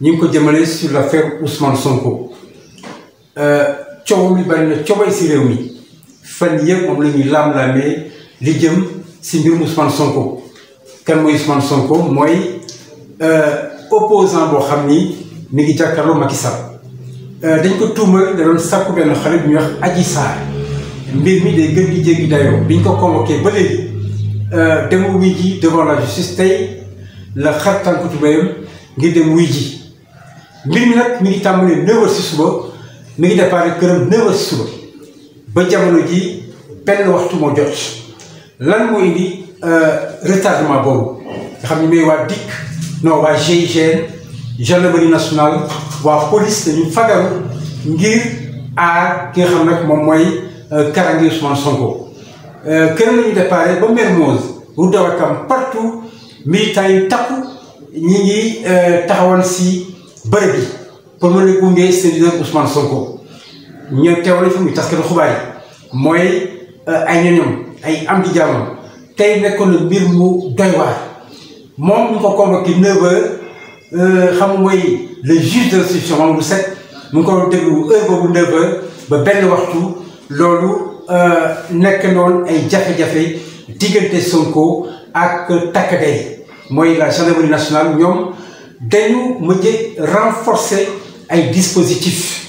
ñu ngi ko jëmale sur l'affaire Ousmane Sonko euh, coow li bari na coobay si réew mi fan yëpp moom la laam-laamee li jëm si mbirum Ousmane Sonko kan mooy Ousmane Sonko mooy euh, opposant boo xam ni mi ngi jàkkaarloo Macky Sall euh, dañ ko tuumal da doon sàkku benn xale bu ñuy wax Adji Sarr mbir mi day gën di jéggi dayoo bi ñu ko convoqué ba léegi dem wuy ji devant la justice tey la xar tànku tubéyam ngir dem wuy ji mbir mi nag mi ngi tàmm 9h si suba mi ngi départ këram 9h si suba ba jamono ji benn waxtu moo jot lan moo indi euh, retardement boobu nga xam ne mooy waa DIC non waa GIGN gendarmerie nationale waa police dañu fagaru ngir aar ki xam nag moom mooy euh, karangi Ousmane Sonko euh, këram la ñu départ ba Mermoz route de Ouakam partout militants yi takku ñi ngi taxawal si bërëb bi pour mën a gunge Seydina Ousmane Sonko ñoom teewale fi muy taskatu xibaar yi mooy euh, ay ñoñom ay am di jàmmam tey nekkoon na mbir mu doy waar moom ñu ko convoqué neuf heures euh, set mu ngi ko déglu heure boobu ba benn waxtu loolu euh, nekk noonu ay jafe-jafe diggante Sonko ak takk day mooy la gendarmerie nationale ñoom dañu mujj renforcer ay dispositifs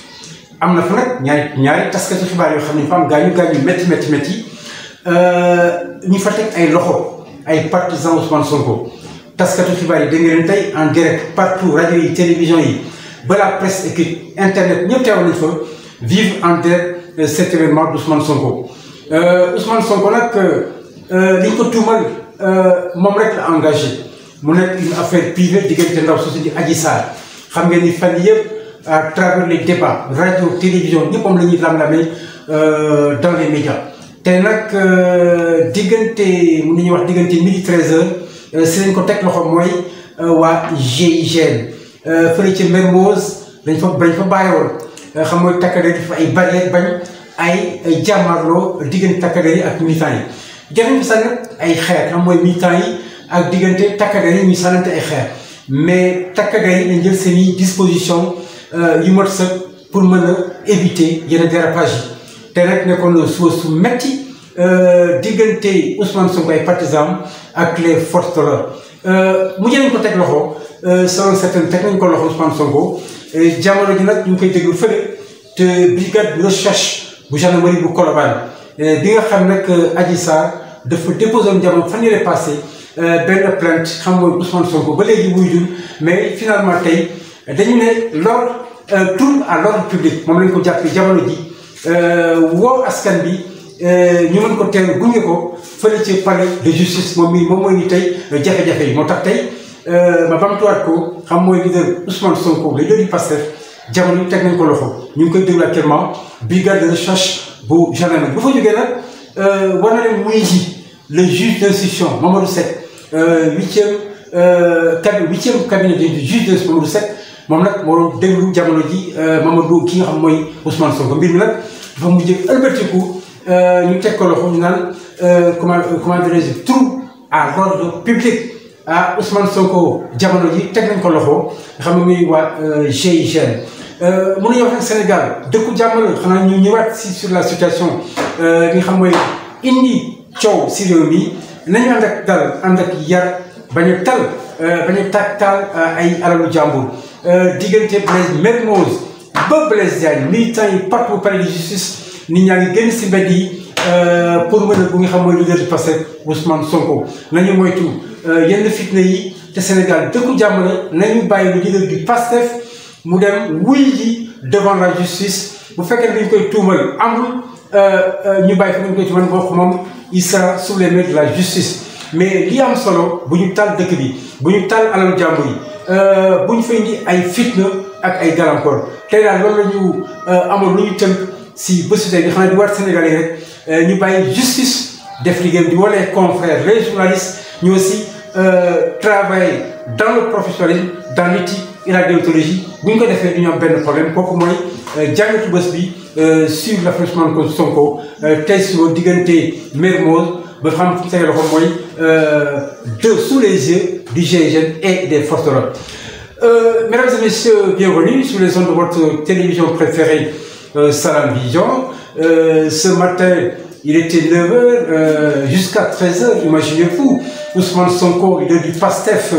am na fa nag ñaari ñaari taskati xibaar yoo xam ne fa am gaañu gaañu métti métti métti euh, ñu fa teg ay loxo ay partisans Ousmane Sonko taskatu xibaar yi dégg ngeen tey en direct partout rajo yi télévision yi ba la presse écrite internet ñëpp teew nañ fa vivre en direct euh, cet événement d'Ousmane Sonko euh, Ousmane Sonko nag li ñu ko tuumal moom rek la engagé. mu nekk une affaire privée diggante ndaw soosu di Adji Sarr xam nga ni fan yëpp à travers les débats radio télévision ñëpp moom la ñuy lam euh, dans les médias te nag euh, diggante mun nañuy wax diggante midi 13h euh, ko teg loxo mooy waa GIGN fële ci Mermoz dañ fa bañ fa bàyyiwoon xam mooy takkadeer yi fa ay barrière bañ ay jàmmarloo diggante takkadeer yi ak militants yi joxe bi sax nag ay xeer xam mooy militants yi ak diggante takk der yi ñuy sànnante mais takk der yi dañ jël seen i disposition euh, yu mot sa pour mën a éviter yenn dérapage yi te rek nekkoon na suba su metti euh, diggante Ousmane Sonko ay partisans ak les forces de l'ordre euh, mu jëlañ ko teg loxo selon certaines teg nañ ko loxo Ousmane Sonko jamono ji nag ñu koy déglu fële te brigade de recherche bu gendarmerie bu Colobane bi nga xam nag Adji Sarr dafa déposé woon jamono fan yële passé euh, benn plainte xam nga Ousmane Sonko ba léegi wuy jul mais finalement tey dañu ne l'ordre euh, tourne à l'ordre public moom lañ ko jàppee jamono ji euh, woo askan bi ñu mën ko teew gunge ko fële ci palais de justice moom moom mooy ni tey jafe-jafe yi moo tax tey ma bamtuwaat ko xam mooy leader Ousmane Sonko la jëli Pastef jamono teg nañ ko loxo ñu ngi koy déglu actuellement brigade de recherche bu gendarmerie bu fa jógee nag war na leen wuy ji le juge d'instruction Mamadou Seck euh, euh, huitième cabinet huitième cabinet du juge d'instruction Mamadou Seck moom nag moo doon déglu jamono ji euh, Mamadou ki nga xam mooy Ousmane Sonko mbir mi nag dafa mujj ëlbatiku ñu teg ko loxo ñu naan comment comment dirais-je trouble à l'ordre public ah Ousmane Sonko jamono ji teg nañ ko loxo xam nga muy waa GIGN mën nañu wax ak Sénégal dëkku jàmm la xanaa ñu ñëwaat si sur la situation bi nga xam mooy coow si réew mi nañu ànd ak dal ànd ak yar bañ a tal euh, bañ a taktaal euh, ay alalu jàmbur euh, diggante Blaise Mermoz ba Blaise Diagne militants yi partout palais de justice nit ñaa ngi génn si mbedd yi pour mën a bu nga xam mooy leader du Pastef Ousmane Sonko nañu moytu yenn fitna yi te Sénégal dëkku jàmm la nañu bàyyi lu leader du Pastef mu dem wuy ji devant la justice bu fekkee dañ koy tuumal amul ñu bàyyi fi ñu koy tuumal il sera sous les mains de la justice mais li am solo bu ñu taal dëkk bi bu ñu taal alal jàmbur yi euh, bu ñu fee indi ay fitna ak ay gàllankoor tey daal loolu la ñu euh, amoon lu ñu tënk si bésu tey bi xam ne di war Sénégalais rek euh, ñu bàyyi justice def liggéeyam di walee confrères les journalistes ñu si travailler dans le professionnalisme dans l'éthique iradéontologie bu ñu ko defee du ñu benn problème kooku mooy euh, jàngatu bés bi euh, suivre l'affaire ko Sonko euh, tey suba diggante Mermoz ba xam tege loxo mooy de sous les yeux du GIGN et des forces de l'ordre Euh, mesdames et les ondes de votre télévision préférée, euh, Salam Vision. Euh, ce Il était 9h euh, jusqu'à 13h, imaginez-vous. Ousmane Sonko, il est du PASTEF,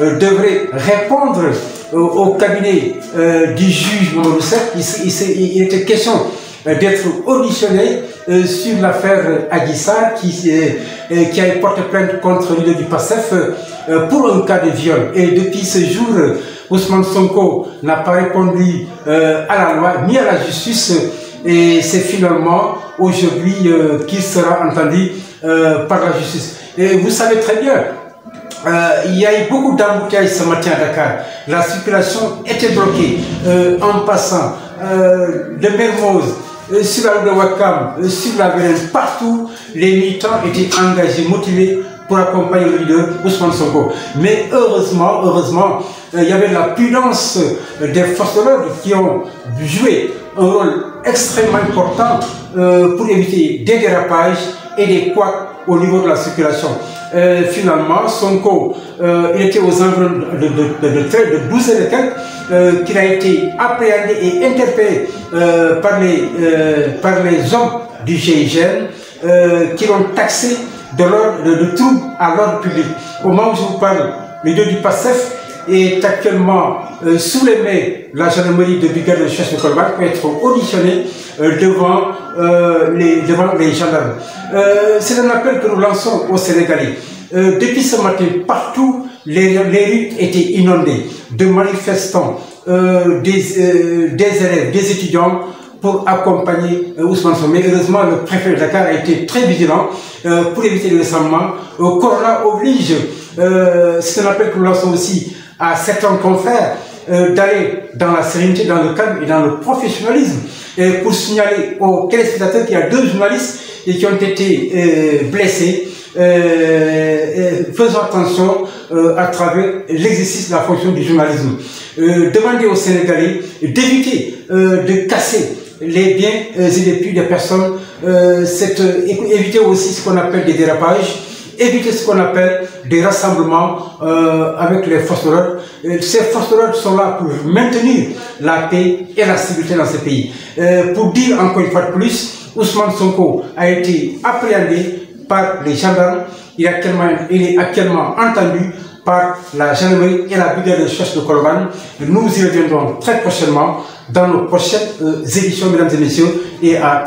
euh, devrait répondre euh, au cabinet euh, du juge numéro 7. Il, il, il, était question euh, d'être auditionné sur l'affaire Agissa qui, qui a porté plainte contre l'île du PASTEF pour un cas de viol. Et depuis ce jour, Ousmane Sonko n'a pas répondu à la loi ni à la justice. Et c'est finalement aujourd'hui euh, qui sera entendu euh, par la justice. Et vous savez très bien, euh, il y a eu beaucoup d'embouteillages ce matin à Dakar. La circulation était bloquée euh, en passant de Mermoz, sur la rue de Wakam, sur la Vélène, partout, les militants étaient engagés, motivés pour accompagner le leader Ousmane Sonko. Mais heureusement, il y avait la puissance des forces de l'ordre qui ont joué un rôle extrêmement important euh, pour éviter des dérapages et des couacs au niveau de la circulation. Euh, finalement, Sonko, euh, il était aux environs de, de, de, de 12 et quelques, euh, qu'il a été appréhendé et interpellé euh, par, les, par les hommes du GIGN qui l'ont taxé de, de, trouble à l'ordre public. Au moment je vous parle, les deux du PASSEF est actuellement euh, sous les mains de la gendarmerie de brigade de chasse de pour être auditionné euh, devant, euh, les, devant les gendarmes. Euh, c'est un appel que nous lançons aux Sénégalais. depuis ce matin, partout, les, les rues étaient inondées de manifestants, des, des élèves, des étudiants, pour accompagner euh, Ousmane Somé. Heureusement, le préfet de Dakar a été très vigilant euh, pour éviter le rassemblement. Euh, Corona oblige, c'est un appel que nous lançons aussi à certains confrères euh, d'aller dans la sérénité, dans le calme et dans le professionnalisme pour signaler aux téléspectateurs qu'il y a deux journalistes qui ont été euh, blessés. Euh, euh attention euh, à travers l'exercice de la fonction du journalisme. demandez aux Sénégalais d'éviter de casser les biens et des personnes. cette, éviter aussi ce qu'on appelle des dérapages éviter ce qu'on appelle des rassemblements euh, avec les forces de l'ordre. Ces forces sont là pour maintenir la paix et la sécurité dans ce pays. Euh, pour dire encore une de plus, Ousmane Sonko a été appréhendé par les gendarmes. Il est actuellement, il est entendu par la gendarmerie et la brigade de recherche de Colomane. Nous y reviendrons très prochainement dans nos prochaines euh, éditions, mesdames et messieurs, et à